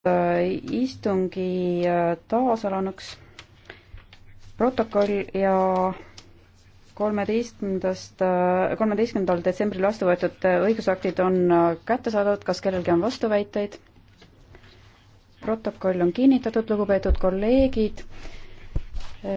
Äh, istungi äh, taasalanuks protokoll ja kolmeteistkümnendast, äh, kolmeteistkümnendal detsembril vastu võetud õigusaktid on kättesaadavad, kas kellelgi on vastuväiteid? protokoll on kinnitatud, lugupeetud kolleegid.